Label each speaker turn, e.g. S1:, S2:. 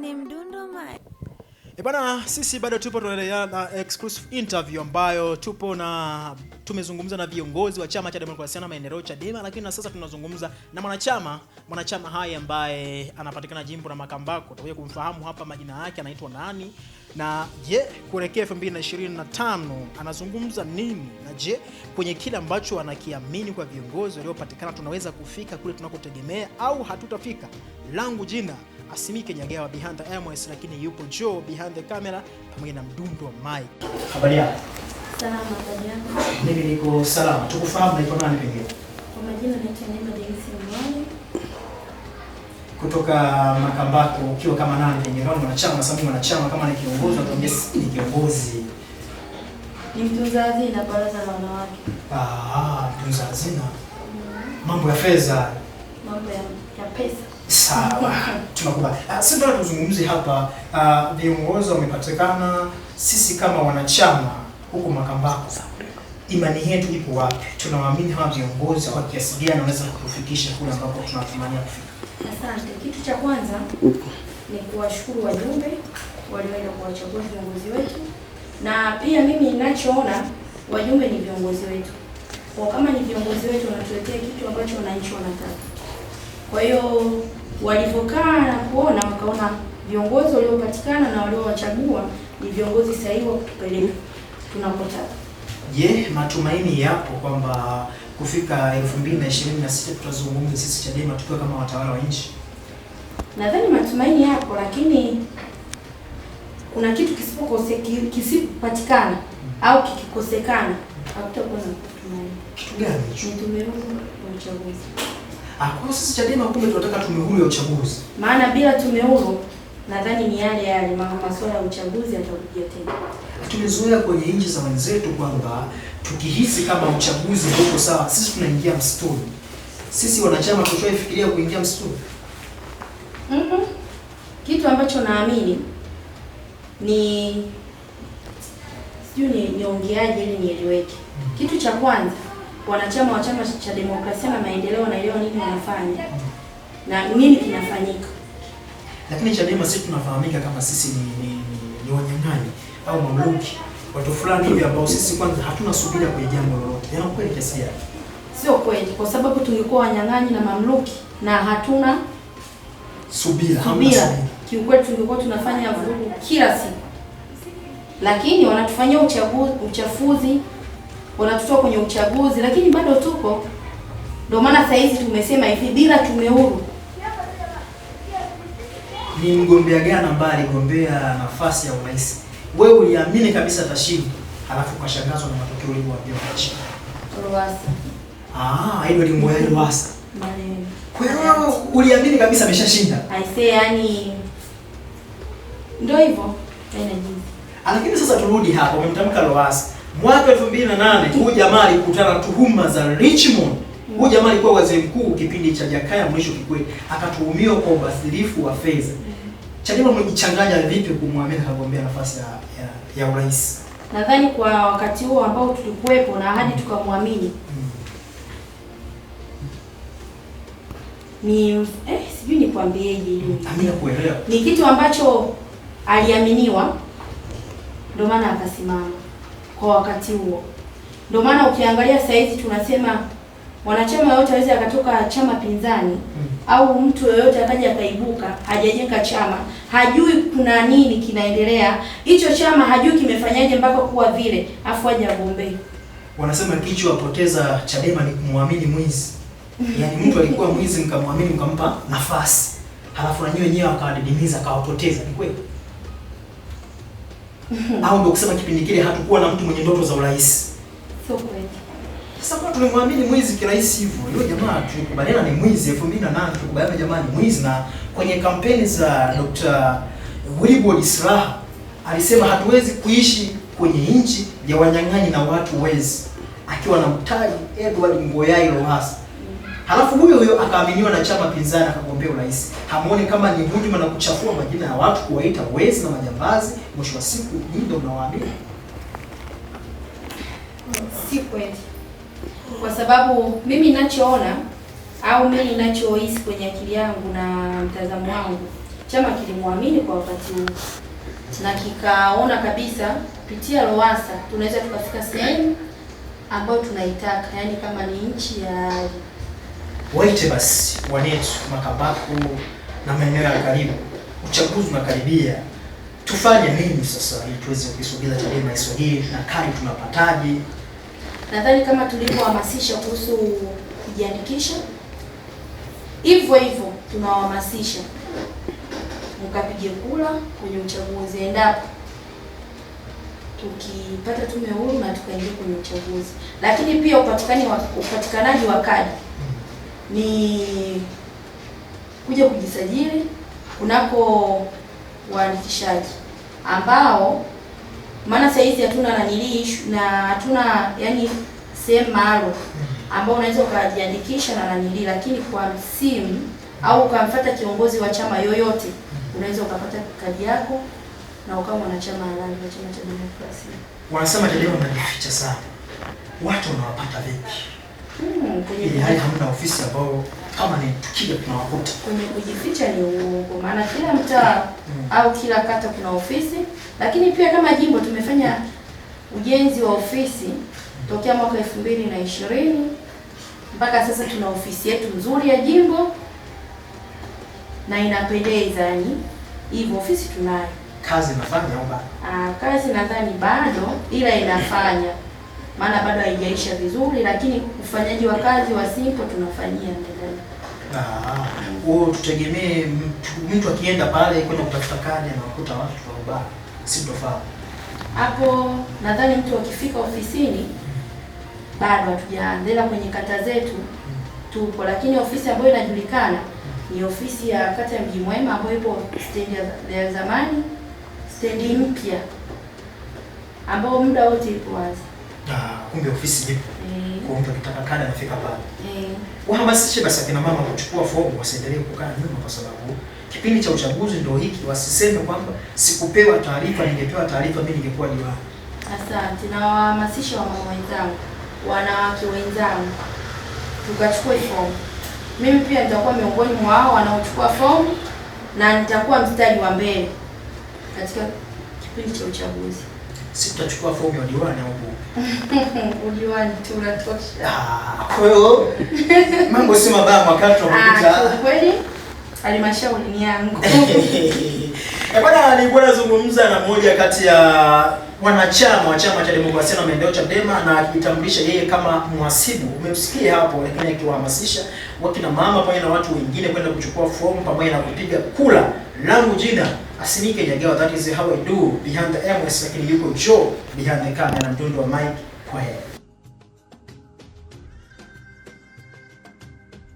S1: ni mdundo mae.
S2: E eh, bana, sisi bado tupo tunaendelea na exclusive interview ambayo tupo na tumezungumza na viongozi wa chama cha demokrasia na maendeleo Chadema, lakini na sasa tunazungumza na mwanachama mwanachama hai ambaye anapatikana jimbo la Makambako. Tutakuja kumfahamu hapa majina yake, anaitwa nani na je, kuelekea 225 anazungumza nini, na je, kwenye kile ambacho anakiamini kwa viongozi waliopatikana tunaweza kufika kule tunakotegemea au hatutafika? Langu jina Asimike Nyagawa behind the cameras, lakini yupo Joe behind the camera pamoja na mdundo wa mic. Habari yako? Salama. Mimi niko salama. Tukufahamu, naitwa nani pengine?
S1: Kwa majina naitwa Neema Denise Mwani.
S2: Kutoka Makambako ukiwa kama nani pengine? Kama mwanachama na sababu mwanachama kama ni kiongozi atuambie ni kiongozi.
S1: Ni mtunza hazina baraza la wanawake.
S2: Ah, mtunza hazina. Mambo ya fedha.
S1: Mambo ya, ya pesa.
S2: Sawa, tunakubali. Ah, Sasa tuzungumze hapa, ah, viongozi wamepatikana, sisi kama wanachama huko Makambako, imani yetu ipo wapi? Tunawaamini hawa viongozi kwa kiasi gani wanaweza kutufikisha kule ambapo tunatamania kufika?
S1: Asante. Kitu cha kwanza ni kuwashukuru wajumbe walioenda kuwachagua viongozi wetu, na pia mimi ninachoona wajumbe ni viongozi wetu, kwa kama ni viongozi wetu wanatuletea kitu ambacho wananchi wanataka, kwa hiyo Walivyokaa na kuona, wakaona viongozi waliopatikana na waliowachagua ni viongozi sahihi wa kutupeleka tunapotaka.
S2: Je, matumaini yapo kwamba kufika 2026 tutazungumza sisi Chadema tukiwa kama watawala wa nchi?
S1: Nadhani matumaini yapo, lakini kuna kitu kisipopatikana mm, au kikikosekana hakutakuwa na matumaini.
S2: Kitu gani hicho?
S1: uchaguzi.
S2: Ah, kwa sisi Chadema kumbe tunataka tume huru ya uchaguzi.
S1: Maana bila tume huru nadhani ni yale yale masuala ya uchaguzi yatakuja tena.
S2: Tumezoea kwenye nchi za wenzetu kwamba tukihisi kama uchaguzi hauko sawa, sisi tunaingia msituni. Sisi wanachama fikiria kuingia msituni.
S1: Mm Kitu ambacho naamini ni sijui niongeaje ili nieleweke. Mm. Kitu cha kwanza wanachama wa Chama cha Demokrasia na Maendeleo wanaelewa nini wanafanya na nini kinafanyika.
S2: Lakini Chadema sisi tunafahamika kama sisi ni, ni, ni wanyang'anyi au mamluki, watu fulani hivi ambao sisi kwanza hatuna subira kwenye jambo lolote. Yana kweli kiasi yake?
S1: Sio kweli, kwa sababu tungekuwa wanyang'anyi na mamluki na hatuna subira, subira. Kiukweli tungekuwa tunafanya vurugu kila siku, lakini wanatufanyia uchafuzi wanatutoa kwenye uchaguzi, lakini bado tuko. Ndio maana sasa hizi tumesema hivi, bila tume huru.
S2: Ni mgombea gani ambaye aligombea nafasi ya urais wewe uliamini kabisa atashinda, halafu ukashangazwa na matokeo ulivyoambia utashinda? Lowassa. Ah, Edward Ngoyai Lowassa. Kwa hiyo uliamini kabisa ameshashinda?
S1: I say yani ndio hivyo. Tena jinsi.
S2: Ah, lakini sasa turudi hapo, umemtamka Lowassa mwaka 2008 huyu jamaa alikutana tuhuma za Richmond. Huyu jamaa alikuwa waziri mkuu kipindi cha Jakaya Mrisho Kikwete, akatuhumiwa kwa ubadhirifu wa fedha. Chadema mlijichanganya vipi kumwamini akagombea nafasi ya, ya, ya urais?
S1: Nadhani kwa wakati huo ambao tulikuwepo na hadi tukamwamini ni eh, sijui nikwambieje, ni kitu ambacho aliaminiwa, ndio maana akasimama kwa wakati huo. Ndio maana ukiangalia saa hizi tunasema wanachama yote aweze akatoka chama pinzani hmm. au mtu yoyote akaja akaibuka, hajajenga chama, hajui kuna nini kinaendelea, hicho chama hajui kimefanyaje mpaka kuwa vile, afu aje agombee.
S2: Wanasema kichwa apoteza Chadema ni kumwamini mwizi. Yaani mtu alikuwa mwizi, mkamwamini, mkampa nafasi, halafu na nyewe wenyewe akawadidimiza, akawapoteza. Ni kweli Mm-hmm. au ndio kusema kipindi kile hatukuwa na mtu mwenye ndoto za urais? Sio kweli. Sasa kwa tulimwamini mwizi kirahisi hivyo. Yule jamaa tulikubaliana ni mwizi 2008 tulikubaliana jamaa ni mwizi na kwenye kampeni za Dr. Wilbrod Slaa alisema hatuwezi kuishi kwenye nchi ya wanyang'anyi na watu wezi akiwa na mtaji Edward Ngoyai Lowassa Halafu huyo huyo akaaminiwa na chama pinzani akagombea urais. Hamuoni kama ni hujuma na kuchafua majina ya watu, kuwaita wezi na majambazi? Mwisho wa siku ni ndio mnawaamini?
S1: Si kweli, kwa sababu mimi ninachoona au mimi ninachohisi kwenye akili yangu na mtazamo wangu, chama kilimwamini kwa wakati huu na kikaona kabisa kupitia Lowassa tunaweza tukafika sehemu ambayo tunaitaka, yaani kama ni nchi ya
S2: Waite basi wanetu Makabaku na maeneo ya karibu, uchaguzi unakaribia. Tufanye nini sasa ili tuweze kuisogeza Chadema isogee, na kari tunapataje?
S1: Nadhani kama tulivyohamasisha kuhusu kujiandikisha, hivyo hivyo tunawahamasisha mkapige kura kwenye uchaguzi, endapo tukipata tume huru na tukaingia kwenye uchaguzi. Lakini pia wa upatikanaji wa kadi ni kuja kujisajili kunako uandikishaji ambao maana saa hizi hatuna nanilii na hatuna yani sehemu maalum ambao unaweza ukajiandikisha na nanilii, lakini kwa msimu au ukamfata kiongozi wa chama yoyote unaweza ukapata kadi yako na ukawa mwanachama halali wa Chama cha Demokrasia.
S2: Wanasema Chadema mnajificha sana, watu wanawapata vipi? ili hali hamna ofisi ambao kama ni kija tunawakuta
S1: kwenye kujificha. Ni uongo, maana kila mtaa mm. au kila kata kuna ofisi, lakini pia kama jimbo tumefanya ujenzi wa ofisi tokea mwaka elfu mbili na ishirini mpaka sasa tuna ofisi yetu nzuri ya jimbo na inapendeza. Yani hivyo ofisi tunayo,
S2: ah,
S1: kazi nadhani bado, ila inafanya maana bado haijaisha vizuri, lakini ufanyaji wa kazi wa simpo tunafanyia endelevu.
S2: Huo tutegemee mtu, mtu akienda pale kwenda kutafuta kadi anakuta watu tofauti, si tofauti
S1: hapo. Nadhani mtu akifika ofisini bado hatujaendelea kwenye kata zetu tupo, lakini ofisi ambayo inajulikana ni ofisi ya kata ya Mji Mwema ambayo ipo stendi ya zamani, stendi mpya ambayo muda wote ipo wazi
S2: kumbe ofisi ipo mm. Eh. kwa mtu akitaka kadi anafika pale mm. Wahamasishe basi akina mama kuchukua fomu, wasiendelee kukaa nyuma, kwa sababu kipindi cha uchaguzi ndio hiki. Wasiseme kwamba sikupewa taarifa, ningepewa taarifa mimi ningekuwa diwani.
S1: Asante, na wahamasishe wa mama wenzangu, wanawake wenzangu, tukachukua fomu. Mimi pia nitakuwa miongoni mwa hao wanaochukua fomu na nitakuwa mstari wa mbele katika kipindi cha uchaguzi.
S2: Si tutachukua fomu ya diwani au
S1: Ujuani tu unatosha.
S2: Kwa hiyo mambo sio mabaya mwakati ah,
S1: unakuta. Kweli halmashauri ni yangu.
S2: Eh, bwana, nilikuwa nazungumza na mmoja kati ya wanachama wa Chama cha Demokrasia na Maendeleo Chadema, na akijitambulisha yeye kama mhasibu, umemsikia hapo, lakini akiwahamasisha wakina mama pamoja na watu wengine kwenda kuchukua fomu pamoja na kupiga kura. Langu jina asili ke jagawa that is how I do behind the MS lakini yuko Joe behind the camera na mdundo wa mic kwa heri